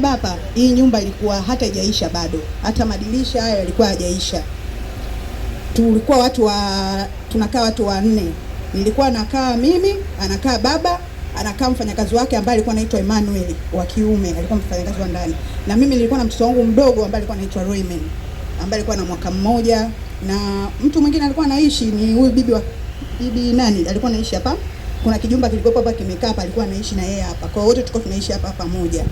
Baba, hii nyumba ilikuwa hata haijaisha bado, hata madirisha hayo yalikuwa hajaisha. Tulikuwa watu wa tunakaa watu wanne, nilikuwa nakaa mimi, anakaa baba, anakaa mfanyakazi wake ambaye alikuwa anaitwa Emmanuel wa kiume, alikuwa mfanyakazi wa ndani, na mimi nilikuwa na mtoto wangu mdogo ambaye alikuwa anaitwa Royman ambaye alikuwa na mwaka mmoja, na mtu mwingine alikuwa anaishi ni huyu bibi wa bibi nani, alikuwa anaishi hapa. Kuna kijumba kilikuwa hapa kimekaa hapa, alikuwa anaishi na yeye hapa, kwa hiyo wote tulikuwa tunaishi hapa pamoja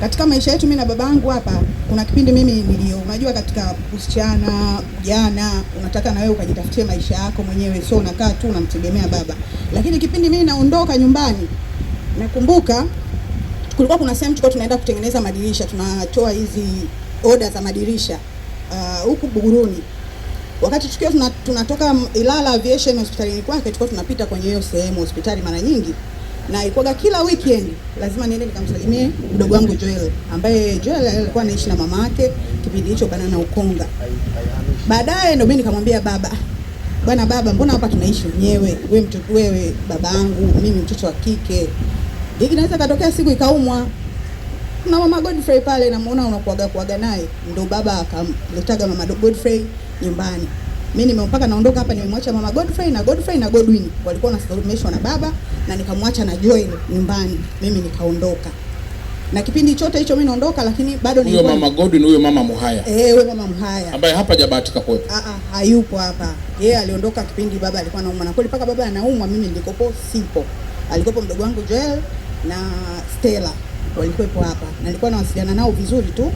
katika maisha yetu, mimi na babangu hapa, kuna kipindi mimi nilio, unajua katika usichana ujana, unataka na wewe ukajitafutie maisha yako mwenyewe, sio unakaa tu unamtegemea baba. Lakini kipindi mimi naondoka nyumbani, nakumbuka kulikuwa kuna sehemu tulikuwa tunaenda kutengeneza madirisha, tunatoa hizi oda za madirisha ah, huku uh, Buguruni. Wakati tukiwa tunatoka Ilala Aviation hospitalini kwake, tulikuwa tunapita kwenye hiyo sehemu hospitali mara nyingi na ilikuwa kila weekend lazima niende nikamsalimie mdogo wangu Joel, ambaye Joel alikuwa anaishi na mama yake kipindi hicho bana na Ukonga. Baadaye ndio mimi nikamwambia baba, bwana baba, mbona hapa tunaishi wenyewe, wewe mtoto, wewe baba yangu, mimi mtoto wa kike, hiki naweza katokea siku ikaumwa na mama Godfrey pale, namuona unakuaga kuaga naye, ndio baba akamletaga mama Godfrey nyumbani mimi nimepaka naondoka hapa, nimemwacha mama Godfrey na Godfrey na Godwin walikuwa wanasalimishwa na baba, na nikamwacha na Joy nyumbani, mimi nikaondoka na kipindi chote hicho mimi naondoka, lakini bado ni huyo mama Godwin, huyo mama Muhaya, eh, huyo mama Muhaya ambaye hapa hajabahatika kuwepo, a ah, a, ah, hayupo hapa. Yeye yeah, aliondoka kipindi baba alikuwa anaumwa, na kweli paka baba anaumwa, mimi nilikopo sipo, alikopo mdogo wangu Joel na Stella walikuwepo hapa, na nilikuwa nawasiliana nao vizuri tu.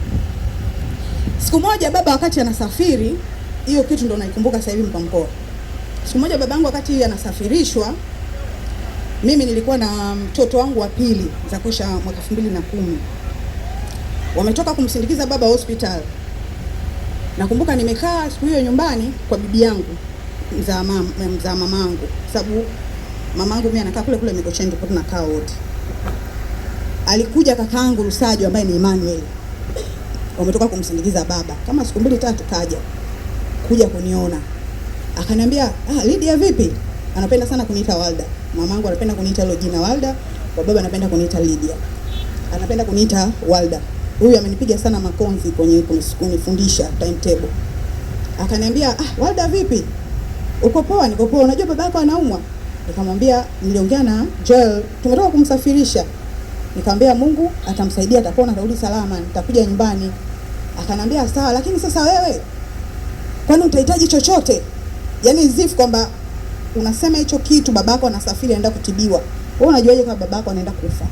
Siku moja baba wakati anasafiri hiyo kitu ndo naikumbuka sasa hivi mkongoa. Siku moja babangu wakati anasafirishwa, mimi nilikuwa na mtoto wangu wa pili za kuisha mwaka elfu mbili na kumi wametoka kumsindikiza baba hospital. Nakumbuka nimekaa siku hiyo nyumbani kwa bibi yangu mzaa mama, mzaa mamangu, sababu mamangu mimi anakaa kule kule Mikocheni, kwa tunakaa wote. Alikuja kakaangu Rusajo ambaye ni Emmanuel, wametoka kumsindikiza baba kama siku mbili tatu, kaja kuja kuniona. Akaniambia, "Ah, Lydia vipi?" Anapenda sana kuniita Walda. Mamangu anapenda kuniita hilo jina Walda, kwa baba anapenda kuniita Lydia. Anapenda kuniita Walda. Huyu amenipiga sana makonzi kwenye kunifundisha timetable. Akaniambia, "Ah, Walda vipi? Uko poa? Niko poa. Unajua babako anaumwa?" Nikamwambia, niliongea na Joel, tumetoka kumsafirisha. Nikamwambia Mungu atamsaidia, atapona, atarudi salama, nitakuja nyumbani. Akanambia sawa, lakini sasa wewe kwani utahitaji chochote? Yani zifu kwamba unasema hicho kitu, babako anasafiri anaenda kutibiwa, wewe unajuaje kama babako anaenda kufa?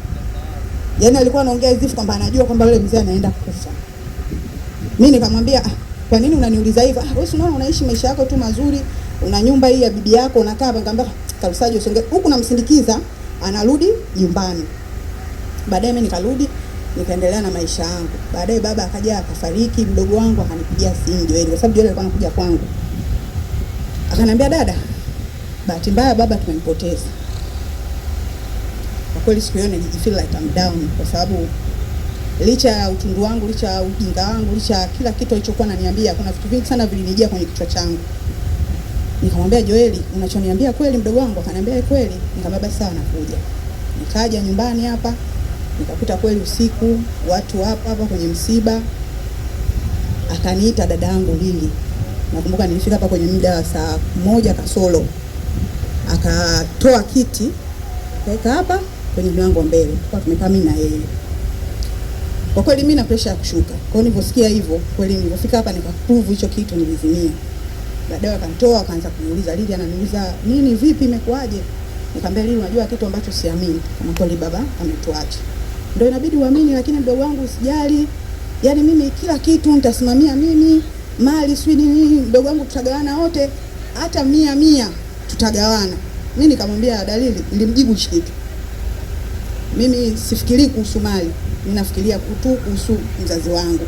Yani alikuwa anaongea zifu kwamba anajua kwamba yule mzee anaenda kufa. Mimi nikamwambia ah, kwa nini unaniuliza hivyo? Ah, wewe si unaona unaishi maisha yako tu mazuri, una nyumba hii ya bibi yako unakaa hapa. Nikamwambia ah, Karusaji usonge huku, namsindikiza anarudi nyumbani. Baadaye mimi nikarudi nikaendelea na maisha yangu. Baadaye baba akaja akafariki, mdogo wangu akanipigia simu Joel, kwa sababu Joel alikuwa anakuja kwangu, akanambia, dada, bahati mbaya baba tumempoteza. Kwa kweli siku hiyo nilijifeel like I'm down, kwa sababu licha ya utundu wangu, licha ya ujinga wangu, licha ya kila kitu alichokuwa ananiambia, kuna vitu vingi sana vilinijia kwenye kichwa changu. Nikamwambia Joeli, unachoniambia kweli mdogo wangu? Akaniambia kweli. Nikamwambia basi sawa, nakuja. Nikaja nyumbani hapa nikakuta kweli usiku watu hapa hapa kwenye msiba. Akaniita dada yangu Lili, nakumbuka nilifika hapa kwenye muda wa saa moja kasoro. Akatoa kiti kaweka hapa kwenye mlango mbele, kwa tumekaa mimi na yeye. Kwa kweli mimi na pressure ya kushuka, kwa hiyo niliposikia hivyo kweli, nilipofika hapa nikakuvu hicho kitu, nilizimia. Baadaye akanitoa akaanza kuniuliza, Lili ananiuliza nini, vipi, imekuaje? Nikamwambia Lili, unajua kitu ambacho siamini kama kweli baba ametuacha ndio inabidi uamini, lakini mdogo wangu usijali, yani mimi kila kitu nitasimamia mimi, mali si nini, mdogo wangu tutagawana wote, hata mia mia tutagawana. Mi nikamwambia dalili, nilimjibu shikitu, mimi sifikirii kuhusu mali, nafikiria tu kuhusu mzazi wangu,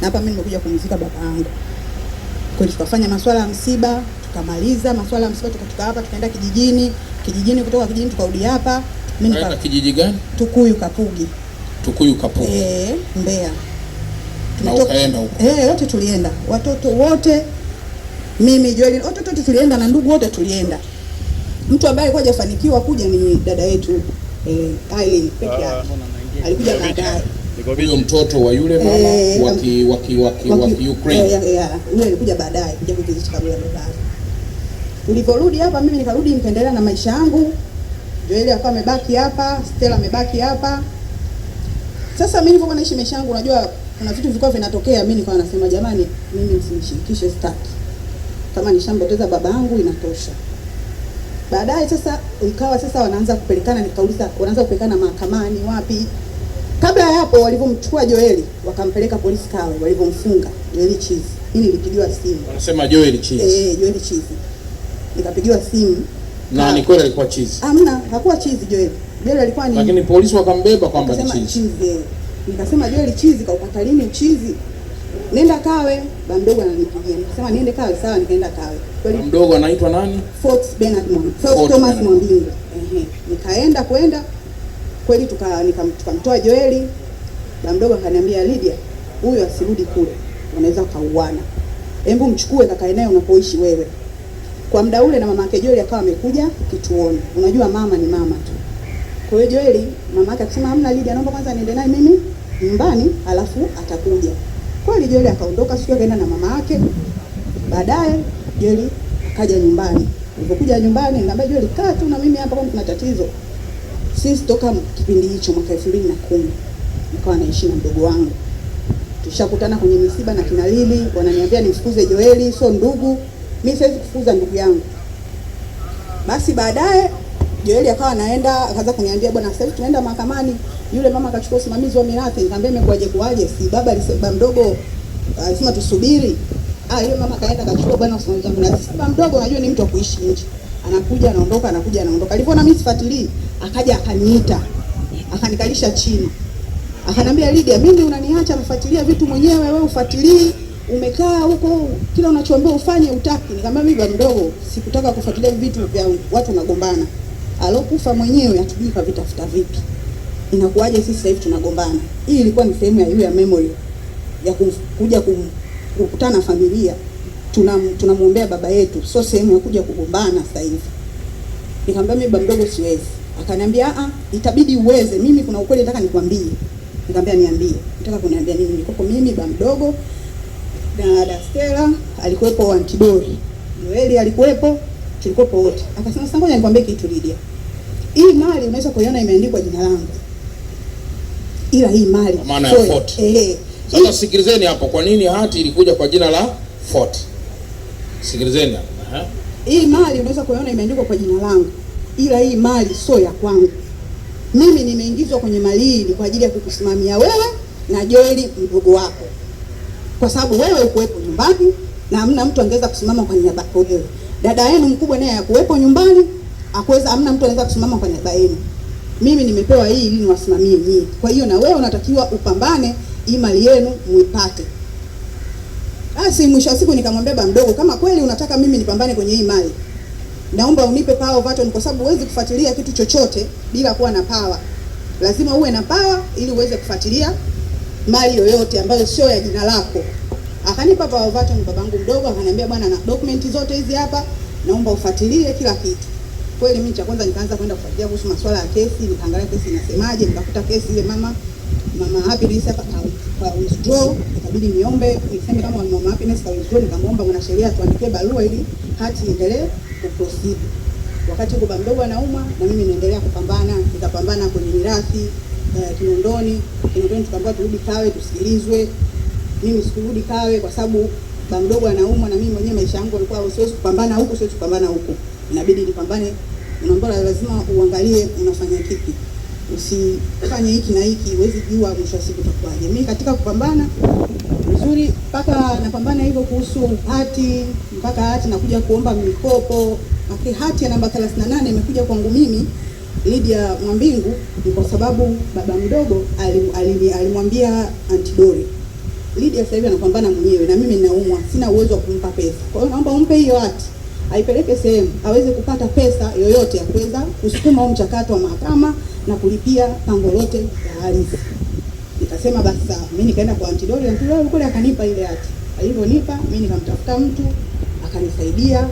na hapa mimi nimekuja kumzika baba yangu. Kwa tukafanya masuala ya msiba, tukamaliza masuala ya msiba, tukatoka hapa tukaenda kijijini, kijijini, kutoka kijijini tukarudi hapa. Mimi kijiji gani? Tukuyu Kapugi. Tukuyu Kapugi. Eh, Mbeya. Tumetoka huko. Eh, wote tulienda. Watoto wote mimi Joel, watoto wote tulienda na ndugu wote tulienda. Mtu ambaye kwa hajafanikiwa kuja ni dada yetu eh, Aileen peke yake. Ah, alikuja baadaye. Huyo mtoto wa yule mama eh, waki waki waki waki Ukraine. Yeah, yeah. yule alikuja baadaye kuja kujisikia kabla ya baba. Tuliporudi hapa mimi nikarudi nikaendelea na maisha yangu. Joeli akawa amebaki hapa, Stella amebaki hapa. Sasa mimi nilipokuwa naishi maisha yangu, unajua kuna vitu vilikuwa vinatokea, mimi nilikuwa nasema jamani, mimi msinishirikishe, sitaki. Kama ni shamba toza baba yangu inatosha. Baadaye sasa ikawa sasa wanaanza kupelekana, nikauliza wanaanza kupelekana mahakamani wapi? Kabla ya hapo walivyomchukua Joeli wakampeleka polisi kawe, walivyomfunga Joeli Chizi. Mimi nilipigiwa simu. Wanasema Joeli Chizi. Eh, Joeli Chizi. Nikapigiwa simu na ni kweli alikuwa chizi. Hamna, hakuwa chizi Joel. Joel alikuwa ni Lakini polisi wakambeba kwamba ni chizi. chizi. Eh. Nikasema Joel chizi kaupata lini chizi? Nenda kawe, ba mdogo ananipigia. Nikasema niende kawe, sawa nikaenda kawe. Kweli mdogo anaitwa nani? Fort Bernard Mwambi. Fort Thomas Mwambi. Ehe. Nikaenda kwenda kweli tuka nikamtoa Joel. Ba mdogo akaniambia Lydia, huyo asirudi kule. Unaweza ukauana. Hebu mchukue kaka eneo unapoishi wewe. Kwa muda ule na mama yake Joeli akawa amekuja kituoni. Unajua mama ni mama tu. Kwa hiyo Joeli mama yake akasema hamna Lydia, naomba kwanza niende naye mimi nyumbani alafu atakuja. Kweli Joeli akaondoka, siku akaenda na mama yake. Baadaye Joeli akaja nyumbani. Alipokuja nyumbani nikamwambia Joeli, kaa tu na mimi hapa, kama kuna tatizo. Sisi toka kipindi hicho mwaka 2010 nikawa naishi na mdogo wangu. Tushakutana kwenye misiba na kina Lili, wananiambia nimfukuze Joeli, sio ndugu mi siwezi kufuza ndugu yangu. Basi baadaye Joeli akawa anaenda akaanza kuniambia bwana, sasa tunaenda mahakamani. Yule mama akachukua usimamizi wa mirathi, nikamwambia imekuaje kuaje? Si baba alisema mdogo alisema ah, tusubiri. Ah, yule mama kaenda akachukua bwana usimamizi wa mirathi. Si Baba mdogo unajua ni mtu wa kuishi nje. Anakuja anaondoka, anakuja anaondoka. Alipoona mimi sifuatilii, akaja akaniita. Akanikalisha chini. Akanambia, Lydia, mimi unaniacha nafuatilia vitu mwenyewe, wewe ufuatilii umekaa huko, kila unachoambiwa ufanye utaki. Nikamwambia mimi bado mdogo, sikutaka kufuatilia vitu vya watu nagombana, alokufa mwenyewe atujui kwa vitafuta vipi, inakuwaje sisi sasa hivi tunagombana. Hii ilikuwa ni sehemu ya ya memory ya kuja kukutana familia, tunamwombea tuna baba yetu, sio sehemu ya kuja kugombana sasa hivi. Nikamwambia mimi bado mdogo, siwezi. Akaniambia a, ah, ah, itabidi uweze, mimi kuna ukweli nataka nikwambie. Nikamwambia niambie. Nataka kuniambia nini? Niko mimi bado mdogo Dada Stella alikuwepo, Antidori Noeli alikuwepo, tulikuwepo wote. Akasema sasa, ngoja nikwambie kitu Lidia, hii mali unaweza kuiona imeandikwa jina langu, ila hii mali maana ya Fort. Eh, sasa sikilizeni hapo, kwa nini hati ilikuja kwa jina la Fort? Sikilizeni hapo. Hii mali unaweza kuiona imeandikwa kwa jina langu, ila hii mali sio ya kwangu mimi. Nimeingizwa kwenye mali hii kwa ajili ya kukusimamia wewe na Joeli mdogo wako kwa sababu wewe ukuwepo nyumbani na hamna mtu angeweza kusimama kwa niaba yako wewe. Dada yenu mkubwa naye hakuwepo nyumbani, akuweza hamna mtu anaweza kusimama kwa niaba yenu. Mimi nimepewa hii ili niwasimamie nyinyi. Kwa hiyo na wewe unatakiwa upambane hii mali yenu muipate. Basi mwisho siku nikamwambia ba mdogo, kama kweli unataka mimi nipambane kwenye hii mali, naomba unipe power button, kwa sababu huwezi kufuatilia kitu chochote bila kuwa na power. Lazima uwe na power ili uweze kufuatilia mali yoyote ambayo sio ya jina lako. Akanipa power overton babangu mdogo, akaniambia bwana, na dokumenti zote hizi hapa, naomba ufuatilie kila kitu. Kweli mimi cha kwanza nikaanza kwenda kufuatilia kuhusu masuala ya kesi, nikaangalia kesi inasemaje, nikakuta kesi ile mama mama Happiness hapa kwa withdraw, ikabidi niombe niseme kama mama Happiness kwa withdraw, nikamwomba mwanasheria tuandikie barua ili hati iendelee kuproceed. Wakati baba mdogo anauma na mimi naendelea kupambana, nikapambana kwenye mirathi eh, Kinondoni. Kinondoni tukaambiwa turudi Kawe tusikilizwe. Mimi sikurudi Kawe kwa sababu ba mdogo anaumwa, na mimi mwenyewe maisha yangu yalikuwa, siwezi kupambana huku, siwezi kupambana huku, inabidi nipambane. Unaambiwa lazima uangalie unafanya kipi, usifanye hiki na hiki, huwezi jua mwisho wa siku utakuwaje. Mimi katika kupambana vizuri, mpaka napambana hivyo kuhusu hati, mpaka hati nakuja kuomba mikopo. Hati ya namba 38 imekuja kwangu mimi Lydia Mwambingu ni kwa sababu baba mdogo alimwambia ali, ali Aunti Dori, Lydia sasa hivi anapambana mwenyewe na mimi ninaumwa, sina uwezo wa kumpa pesa, kwa hiyo naomba umpe hiyo hati aipeleke sehemu aweze kupata pesa yoyote ya kuweza kusukuma huo mchakato wa mahakama na kulipia pango lote la ardhi. Nikasema basi sawa, mimi nikaenda kwa Aunti Dori, Aunti Dori kule akanipa ile hati. Alivyonipa mimi nikamtafuta mtu akanisaidia,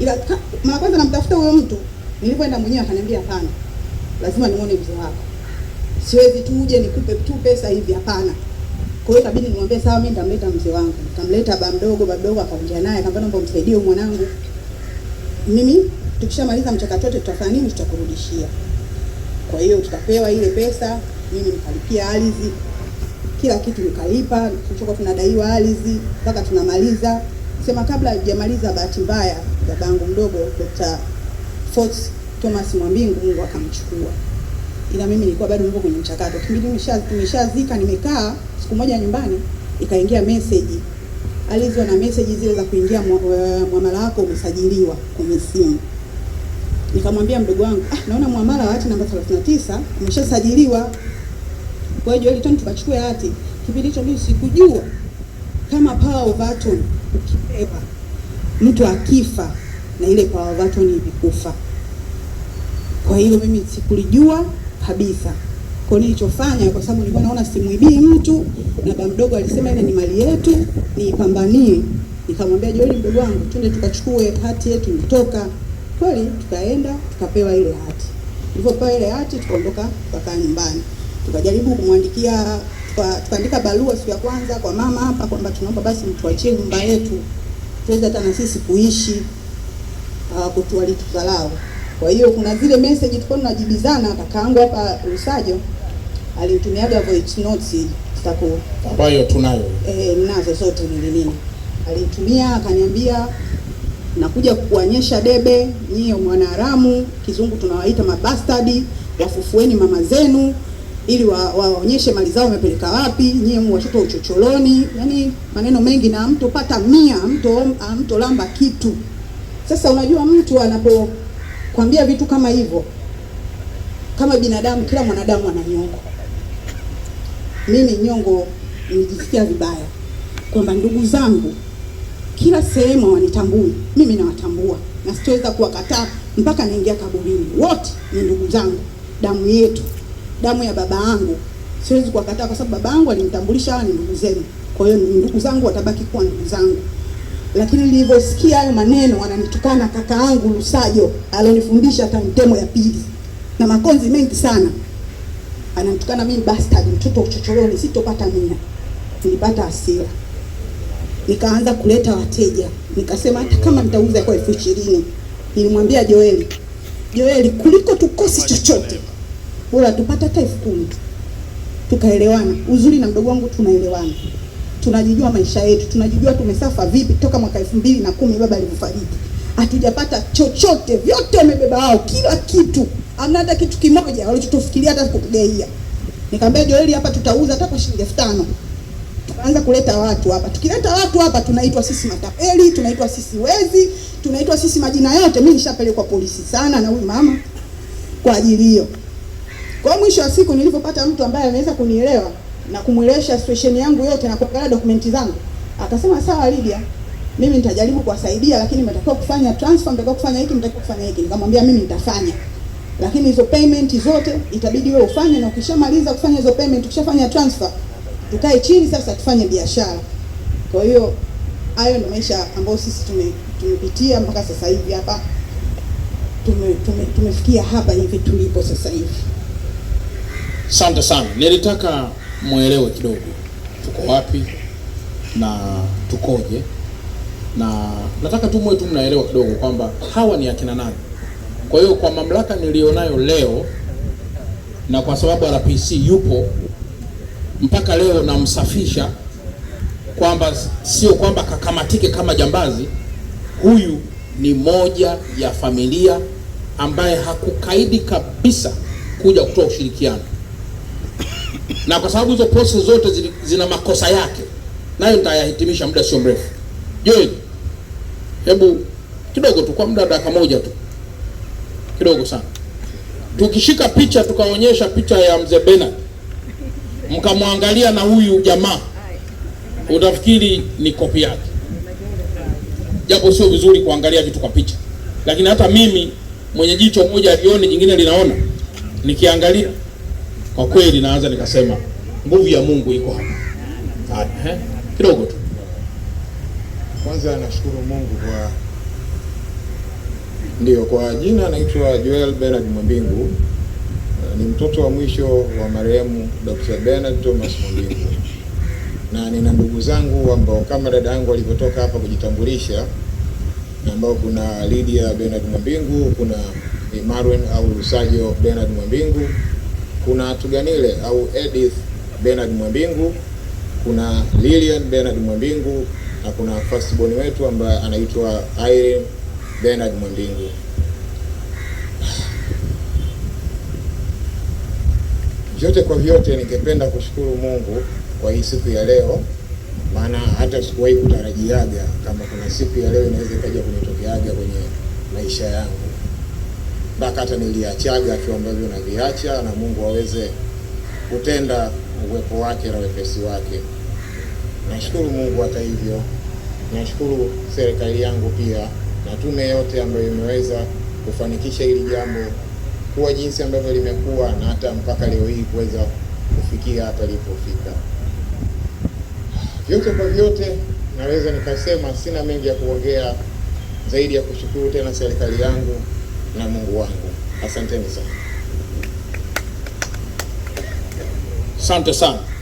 ila mara kwanza namtafuta huyo mtu Nilipoenda mwenyewe akaniambia hapana, lazima nione mzee wako, siwezi tu uje nikupe tu pesa hivi, hapana. Kwa hiyo ikabidi nimwambie sawa, mimi nitamleta mzee wangu. Nikamleta baba mdogo, baba mdogo akaongea naye, akamwambia naomba msaidie mwanangu, mimi tukishamaliza mchakato wote tutafanya nini, tutakurudishia. Kwa hiyo tutapewa ile pesa, mimi nikalipia ardhi, kila kitu nikalipa, tulichokuwa tunadaiwa ardhi mpaka tunamaliza. Sema kabla hajamaliza, bahati mbaya babangu mdogo Dr. Thomas Thomas Mwambingu, Mungu akamchukua, ila mimi nilikuwa bado niko kwenye mchakato, kipindi nimeshazika, nimekaa siku moja nyumbani, ikaingia message alizo na message zile za kuingia muamala wako umesajiliwa kwenye simu. Nikamwambia mdogo wangu, ah, naona mwamala wa hati namba 39 umeshasajiliwa. Kwa hiyo Joel Tony tukachukua hati. Kipindi hicho mimi sikujua kama power of attorney ukipewa mtu akifa na ile kwa ni ilikufa. Kwa hiyo mimi sikulijua kabisa. Kwa hiyo nilichofanya, kwa sababu nilikuwa naona simuibii mtu na baba mdogo alisema ile ni mali yetu, niipambanie. Nikamwambia Joeli, mdogo wangu, twende tukachukue hati yetu kutoka. Kweli tukaenda tukapewa ile hati. Tulipopewa ile hati tukaondoka tukakaa nyumbani. Tukajaribu kumwandikia tukaandika barua siku ya kwanza kwa mama hapa kwamba tunaomba basi mtuachie nyumba yetu tuweze hata na sisi kuishi kutualitukalau. Kwa hiyo kuna zile message tuko tunajibizana, kakaangu hapa Lusajo alinitumiaga voice notes zitaku ambayo tunayo eh, mnazo zote ni nini, alinitumia akaniambia, nakuja kukuonyesha debe nyie mwanaharamu, kizungu tunawaita mabastadi, wafufueni mama zenu ili waonyeshe wa mali zao wamepeleka wapi, nyie watoto uchocholoni. Yani maneno mengi, na mtu pata mia mtu mtu lamba kitu sasa unajua mtu anapokwambia vitu kama hivyo, kama binadamu, kila mwanadamu ana nyongo. Mimi nyongo nijisikia vibaya kwamba ndugu zangu kila sehemu wanitambui, mimi nawatambua na sitoweza kuwakataa mpaka naingia kaburini. Wote ni ndugu zangu, damu yetu, damu ya baba yangu. Siwezi kuwakataa kwa sababu baba yangu alinitambulisha hawa ni ndugu zenu, kwa hiyo ndugu zangu watabaki kuwa ndugu zangu lakini nilivyosikia hayo maneno wananitukana kaka yangu Lusajo alionifundisha tamtemo ya pili na makonzi mengi sana, ananitukana mimi bastard, mtoto uchochoroni, sitopata mia. Nilipata hasira, nikaanza kuleta wateja, nikasema hata kama nitauza kwa elfu ishirini. Nilimwambia Joeli, Joeli, kuliko tukosi chochote bora tupata hata elfu kumi. Tukaelewana uzuri, na mdogo wangu tunaelewana tunajijua maisha yetu, tunajijua tumesafa vipi toka mwaka elfu mbili na kumi baba alivyofariki. Hatujapata chochote, vyote wamebeba wao, kila kitu, amna hata kitu kimoja walichotufikiria hata kutugaia. Nikamwambia Joeli, hapa tutauza hata kwa shilingi elfu tano tukaanza kuleta watu hapa. Tukileta watu hapa, tunaitwa sisi matapeli, tunaitwa sisi wezi, tunaitwa sisi majina yote. Mimi nishapelekwa polisi sana na huyu mama kwa ajili hiyo. Kwa mwisho wa siku, nilipopata mtu ambaye anaweza kunielewa na kumwelesha situation yangu yote na kuangalia dokumenti zangu. Akasema sawa Lydia, mimi nitajaribu kuwasaidia, lakini mtakiwa kufanya transfer, mtakiwa kufanya hiki, mtakiwa kufanya hiki. Nikamwambia mimi nitafanya, lakini hizo payment zote itabidi wewe ufanye, na ukishamaliza kufanya hizo payment, ukishafanya transfer, tukae chini sasa tufanye biashara. Kwa hiyo hayo ndio maisha ambayo sisi tume, tumepitia mpaka sasa hivi hapa tume, tume, tumefikia hapa hivi tulipo sasa hivi. Asante sana, nilitaka mwelewe kidogo tuko wapi na tukoje, na nataka tu mwe tu mnaelewa kidogo kwamba hawa ni akina nani. Kwa hiyo kwa mamlaka nilionayo leo na kwa sababu RPC yupo mpaka leo, namsafisha kwamba sio kwamba kakamatike kama jambazi. Huyu ni moja ya familia ambaye hakukaidi kabisa kuja kutoa ushirikiano na kwa sababu hizo process zote zina, makosa yake, nayo nitayahitimisha muda sio mrefu. Joel, hebu kidogo tu, kwa muda dakika moja tu, kidogo sana. Tukishika picha tukaonyesha picha ya mzee Bernard, mkamwangalia na huyu jamaa, utafikiri ni kopi yake, japo sio vizuri kuangalia vitu kwa picha, lakini hata mimi mwenye jicho moja alione, jingine linaona, nikiangalia kwa kweli naanza nikasema nguvu ya Mungu iko hapa. kidogo tu. Kwanza nashukuru Mungu kwa ndio, kwa jina naitwa Joel Bernard Mwambingu. Eh, ni mtoto wa mwisho wa marehemu Dr. Bernard Thomas Mwambingu, na nina ndugu zangu ambao kama dada yangu alivyotoka hapa kujitambulisha, ambao kuna Lydia Bernard Mwambingu, kuna Marwen au Lusajo Bernard Mwambingu kuna Tuganile au Edith Bernard Mwambingu, kuna Lilian Bernard Mwambingu na kuna firstborn wetu ambaye anaitwa Irene Bernard Mwambingu. Vyote kwa vyote, ningependa kushukuru Mungu kwa hii siku ya leo, maana hata sikuwahi kutarajiaga kama kuna siku ya leo inaweza ikaja kunitokeaga kwenye maisha yangu. Nataka hata niliachaga tu ambavyo naviacha, na Mungu aweze kutenda uwepo wake na wepesi wake. Nashukuru Mungu hata hivyo, nashukuru serikali yangu pia na tume yote ambayo imeweza kufanikisha hili jambo kuwa jinsi ambavyo limekuwa na hata mpaka leo hii kuweza kufikia hapa lipofika. Vyote kwa vyote, naweza nikasema sina mengi ya kuongea zaidi ya kushukuru tena serikali yangu na Mungu wangu. Asanteni sana, asante sana.